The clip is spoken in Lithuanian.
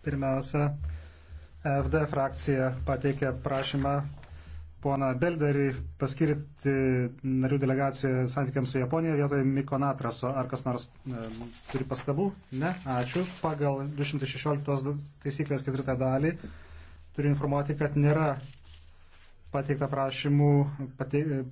Pirmiausia, FD frakcija pateikė prašymą poną Belderį paskirti narių delegaciją santykiams su Japonija vietoje Miko Natraso. Ar kas nors e, turi pastabų? Ne, ačiū. Pagal 216 taisyklės ketvirtą dalį turiu informuoti, kad nėra pateikta prašymų pateik,